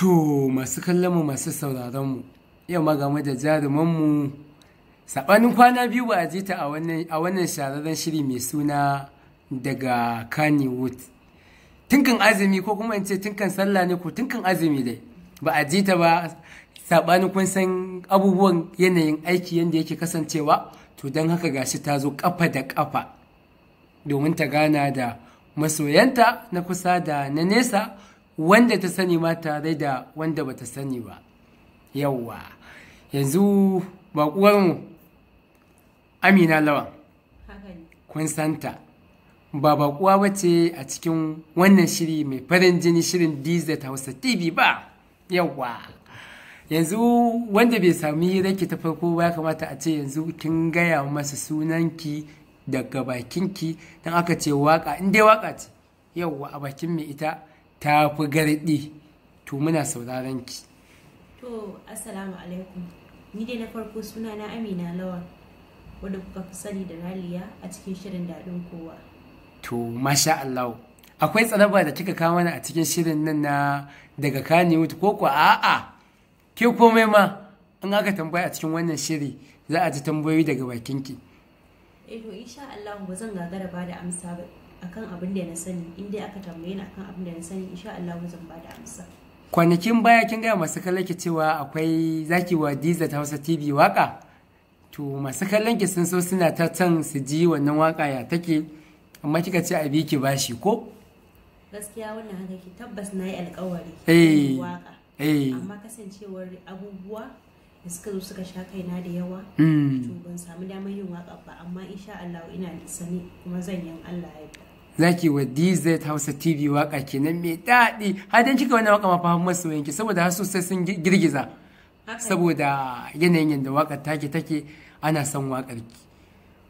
To masu mu masu sauraronmu, yau magama da jarumanmu, saɓanin kwana biyu ba a je ta a wannan shararren shiri mai suna daga Kannywood. Tunkan azumi ko kuma in ce tunkan sallah ne ko tunkan azumi dai, ba a ji ta ba saɓanin kun san abubuwan yanayin aiki yadda yake kasancewa, to don haka gashi ta zo ƙafa da ƙafa domin ta gana da masoyanta na kusa da na nesa. wanda ta sani ma tare da wanda bata sani ba yawwa yanzu baƙuwarmu amina lawan kun santa ba baƙuwa ba ce a cikin wannan shiri mai farin jini shirin dz hausa tv ba yawwa yanzu wanda bai sami hirarki ta farko ba ya kamata a ce yanzu kin gaya masa sunanki daga bakinki don aka ce waka in dai waka ce yawwa a bakin mai ita ta fi garɗi to muna sauraron ki to assalamu alaikum ni dai na farko suna na amina lawa wadda kuka fi sani da raliya a cikin shirin daɗin kowa to masha Allah akwai tsaraba da kika kawo mana a cikin shirin nan na daga wuta. ko ko a'a ke komai ma in aka tambaya a cikin wannan shiri za a ji tambayoyi daga bakinki. ki eh to insha Allah ba zan gagara ba da amsa ba akan abin da na sani in dai aka tambaye ni akan abin da na sani insha Allah zan ba da amsa kwanakin baya kin gaya masu kallon ki cewa akwai zaki wa Diza ta Hausa TV waka to masu kallon ki sun so suna ta can su ji wannan waka ya take amma kika ce a bi ki bashi ko gaskiya wannan haka ki tabbas na yi alkawari eh waka eh. amma kasancewar abubuwa da suka zo suka sha kaina da yawa hmm. to ban samu damar yin waka ba amma insha Allah ina sani kuma zan yin Allah ya zaki wa DZ Hausa TV waka kenan mai daɗi har dan kika wannan waka ma fahimmu masu yanki saboda har sosai sun girgiza saboda yanayin yanda waka take take ana son wakar ki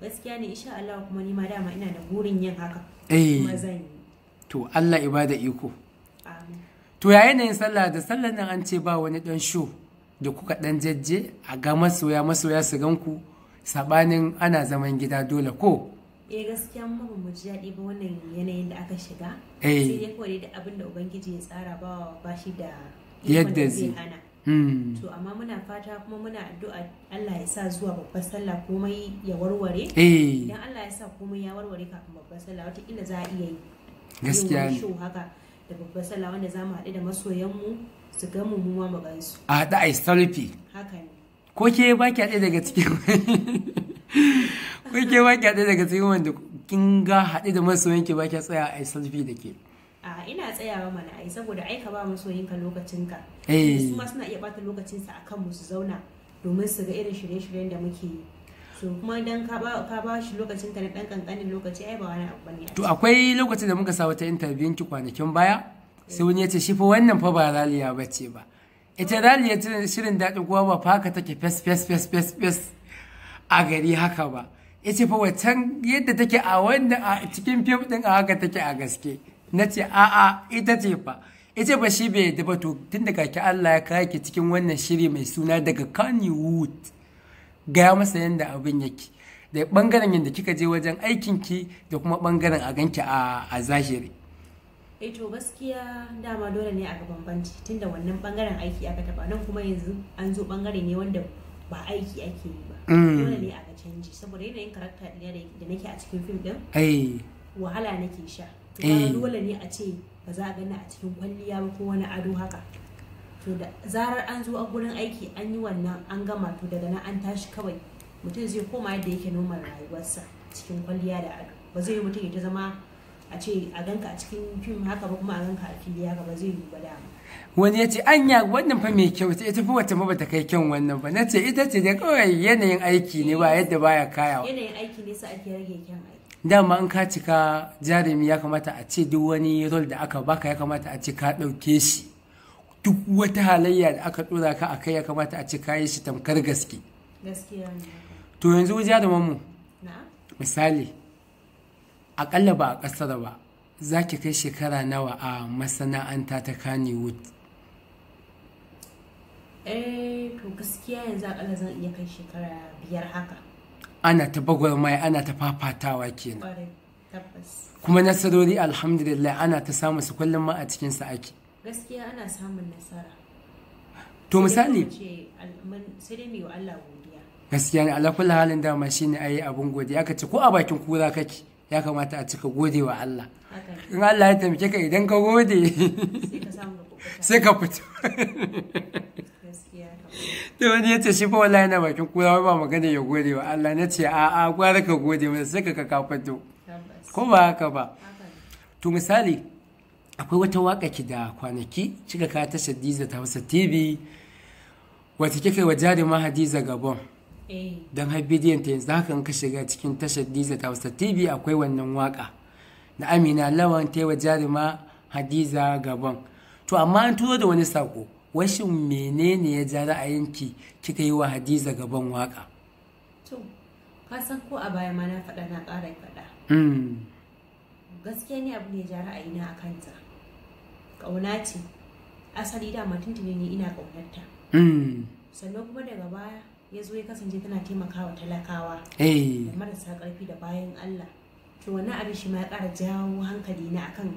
gaskiya ne insha Allah kuma ni ma dama ina da burin yin haka eh to Allah ibada iko amin to ya yanayin sallah da sallar nan an ce ba wani dan show da kuka dan jajje a ga masoya masoya su ganku sabanin ana zaman gida dole ko eh gaskiya mu ba mu ji daɗi ba wannan yanayin da aka shiga eh. sai dai kawai da abin da ubangiji ya tsara ba ba shi da yadda zai hana hmm. to amma muna fata kuma muna addu'a Allah ya sa zuwa babbar sallah komai ya warware eh. idan Allah ya sa komai ya warware kafin babbar sallah wataƙila za a iya yi gaskiya ne haka da babbar sallah wanda za mu haɗu da masoyanmu su ga mu mu ma gansu a a therapy haka ne ko ke ba ki haɗe daga cikin Wai ke ba kya daga cikin wanda kin ga haɗe da masu ki ba kya tsaya a selfie da ke. A ina tsayawa mana ai saboda ai ka ba masu ka lokacin ka. Eh. Su ma suna iya bata lokacinsa a kanmu su zauna domin su ga irin shirye-shiryen da muke yi. So kuma idan ka ba shi lokacin ka na ɗan ƙanƙanin lokaci ai ba wani abu bane. To akwai lokacin da muka sa wata interview ki kwanakin baya sai wani ya ce shi fa wannan fa ba raliya ce ba. Ita raliya shirin daɗin kuwa ba fa haka take fes fes fes fes fes a gari haka ba. ya ce fa wacan yadda take a wannan a cikin fim din a haka take a gaske na ce a'a ita ce fa ita ce ba shi bai yadda ba to tun daga ki Allah ya kawo ki cikin wannan shiri mai suna daga Kanye Wood gaya masa yadda abin yake da bangaren yadda kika je wajen aikinki da kuma bangaren a ganki a zahiri eto eh gaskiya dama dole ne ga bambanci tunda wannan bangaren aiki aka taba nan kuma yanzu an zo bangare ne wanda ba aiki ake yi ba mm. dole ne a canji saboda yanayin karakta da nake a cikin fim ɗin wahala nake sha dole ne a ce ba za a gani a cikin kwalliya ba ko wani ado haka to da zarar an zo a gurin aiki an yi wannan an gama to daga nan an tashi kawai mutum zai koma yadda yake noman rayuwarsa cikin kwalliya da ado ba zai yi mutum ya ta zama a ce a ganka a cikin fim haka ba kuma a ganka a fili haka ba zai da wani ya ce anya wannan fa mai kyau ta ita fi wata ma ta kai kyan wannan ba na ce ita ce da kawai yanayin aiki ne ba yadda baya kayawa yanayin aiki ne sa ake rage kyan aiki dama an ka cika jarumi ya kamata a ce duk wani rol da aka baka ya kamata a ce ka ɗauke shi duk wata halayya da aka ɗora ka a kai ya kamata a ce ka yi shi tamkar gaske to yanzu mu, misali akalla ba a ƙasar ba za ki kai shekara nawa a masana'anta ta kaniwood eh to gaskiya yanzu akalla zan iya kai shekara biyar haka ana ta mai ana ta fafatawa kenan kuma nasarori alhamdulillah ana ta samu su kullum ma a cikin sa ake gaskiya ana samun nasara to misali sai dai mai wa Allah godiya gaskiya ne ala halin dama shine ayi abun godiya ce ko a bakin kura kake ya kamata a cika gode wa Allah in Allah ya taimake ka idan ka gode sai ka fito da wani ya ce shi fa wallahi na bakin kura ba magana ya gode wa Allah na ce a a gwara ka gode sai ka ka fito ko ba haka ba to misali akwai wata waka ki da kwanaki cika ka ta shaddiza ta wasa TV wata kika wa ma Hadiza Gabon Eh. don har bidiyon ta yanzu haka ka shiga cikin tashar diza ta wasa tv akwai wannan waka na amina lawan ta wa jarima hadiza gabon to amma an turo da wani sako washin menene ya a yanki kika yi wa hadiza gaban waka to ka san ko a baya ma na faɗa na ƙara faɗa hmm. gaskiya ne abu ne a yi a kanta ƙauna ce asali da mutum ne ina ƙaunarta hmm. sannan kuma daga baya ya zo ya kasance tana taimakawa talakawa eh. da marasa karfi da bayan Allah to wani abin shi ma ya kara jawo hankali na akan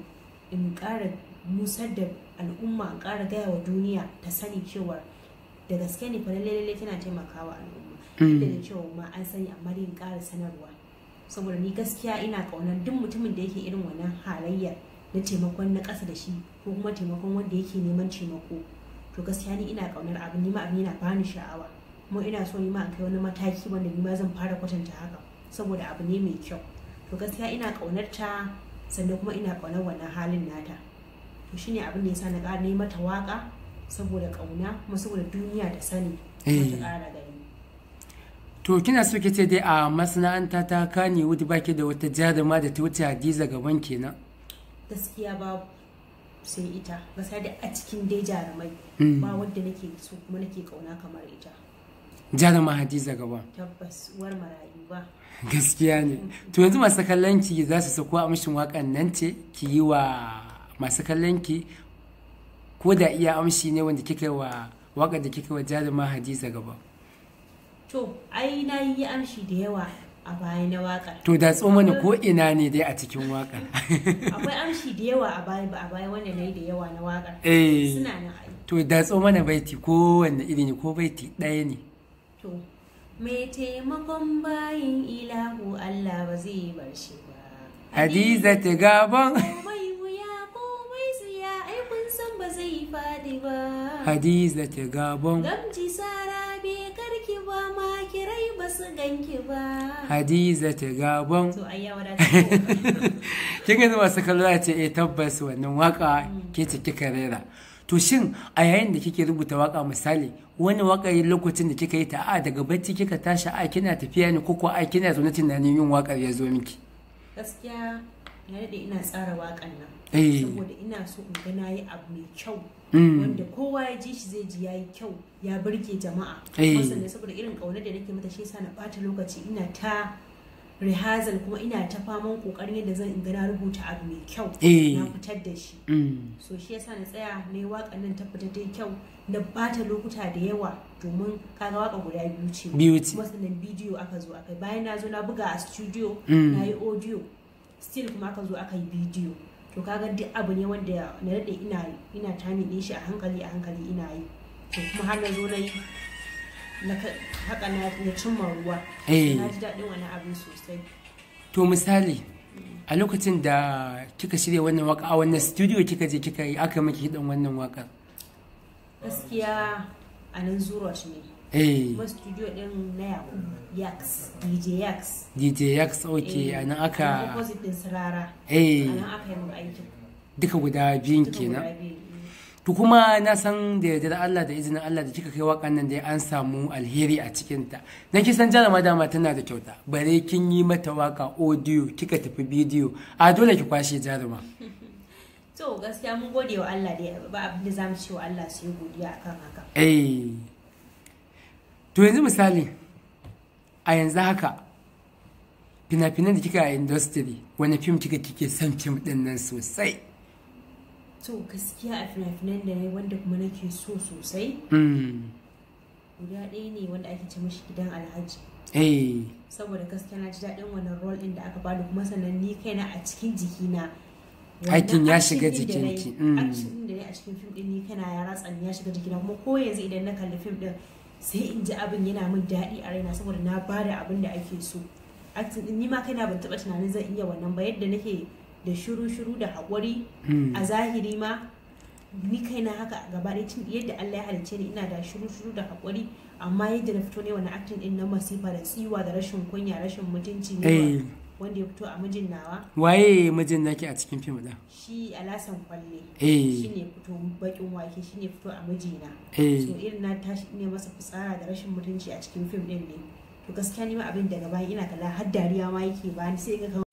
in kara musar da al'umma in kara gaya wa duniya ta sani cewa da gaske ne fara lalle tana taimakawa al'umma da da cewa ma an sani amma dai in sanarwa saboda ni gaskiya ina ƙaunar duk mutumin da yake irin wannan halayya na taimakon na ƙasa da shi ko kuma taimakon wanda yake neman taimako to gaskiya ni ina ƙaunar abin ni ma abin yana bani sha'awa kuma ina so ni ma kai wani mataki wanda ni ma zan fara kwatanta haka saboda abu ne mai kyau to gaskiya ina kaunar ta sannan kuma ina kaunar wannan halin nata to shine abin da yasa na ƙara ne mata waka saboda kauna kuma saboda duniya ta sani eh. to kina so ce dai a masana'anta ta kane wuta baki da wata jaruma da ta wuce hadiza gaban kenan gaskiya ba sai ita gaskiya da a cikin dai jarumai hmm. ba wadda nake so kuma nake kauna kamar ita ma hadiza gaba gaskiya ne to yanzu masu kallonki za su sako amshin wakan nan ce ki yi wa masu kallonki ko da iya amshi ne wanda kika wa wakar da kika wa ma hadiza gaba to ai na yi amshi da yawa a baya na wakar to da tso mana ko ina ne dai a cikin wakar akwai amshi da yawa a baya ba a bayan wanda na yi da yawa na wakar eh suna na to da tso mana baiti ko wanda iri ne ko baiti ɗaya ne to mai taimakon bayin ilahu Allah ba zai bar shi ba Hadiza ta gaban mai wuya ko mai siya ai kun san ba zai fadi ba Hadiza ta gaban gamji sara be karki ba ma kirai ba su ganki ba Hadiza ta gaban to ayyawa da kin ga masu kallo ce eh tabbas wannan waka mm. ke cike karera to shin a yayin da kike rubuta waka misali wani waka lokacin da kika yi ta a daga bacci kika tashi a kina tafiya ne ko a kina zaune tunanin yin wakar ya zo miki gaskiya na daɗe ina tsara wakan nan eh. saboda ina so in ga nayi abu mai kyau mm. wanda kowa ya ji shi zai ji yayi kyau ya burge jama'a eh. sannan saboda irin ƙaunar da nake mata shi yasa na ɓata lokaci ina ta rihazal kuma ina ta faman kokarin yadda zan inga na rubuta abu mai kyau eh. na fitar da shi mm. so shi yasa na tsaya na yi waƙar nan ta fita dai kyau na bata lokuta da yawa domin kaga waka guda biyu ce kuma sannan bidiyo aka zo aka bayan na zo na buga a studio mm. na yi audio still kuma aka zo aka yi bidiyo to kaga duk abu ne wanda na daɗe ina ina tamin shi a hankali a hankali ina yi to kuma har na zo na yi haka na cimma ruwa eh. na ji daɗin wani abin sosai to misali a lokacin da kika shirya wannan waka a wannan studio kika je kika yi aka maki hidan wannan waka gaskiya a nan zuwa shi ne eh. kuma studio din na yakubu yaks dj yaks dj yaks ok eh, a nan aka a nan aka yi mun aikin duka guda biyun kenan to kuma na san da da Allah da izinin Allah da kika kai wakan nan da an samu alheri a cikin ta dan ki san jarama dama tana da kyauta bare kin yi mata waka audio kika tafi bidiyo a dole ki kwashe jaruma to gaskiya mun gode wa Allah da ba abin da zamu ce wa Allah yi godiya akan haka eh to yanzu misali a yanzu haka fina-finan da kika a industry wani fim kika kike son fim din nan sosai to gaskiya a fina-finan da nayi wanda kuma nake so sosai hmm. guda ɗaya ne wanda ake ce mashi gidan alhaji saboda gaskiya na ji daɗin wannan rol ɗin da aka bada kuma sannan ni kaina a cikin jikina aikin ya shiga jikinki hmm. da ne a cikin fim ɗin ni kaina ya ratsa ya shiga jikina kuma ko yanzu idan na kalli fim ɗin sai in ji abin yana min daɗi a raina saboda na bada abin da ake so ɗin ni ma kaina ban taɓa tunanin zan iya wannan ba yadda nake da shiru-shiru da haƙuri hmm. a zahiri ma ni na haka gaba ɗaya tun yadda Allah ya halice ni ina da shiru-shiru da haƙuri amma yadda na fito ne wani aktin din na masifa da tsiwa da rashin kunya rashin mutunci ne eh. wanda ya fito a mijin nawa waye mijin naki a cikin fim din shi alasan kwalle eh. shi ne fito bakin wake shi ne fito a mijina eh. so irin na tashi ne masa fitsara da rashin mutunci a cikin fim din ne to gaskiya ni ma abin daga bayan ina kala har dariya ma yake ba ni sai ga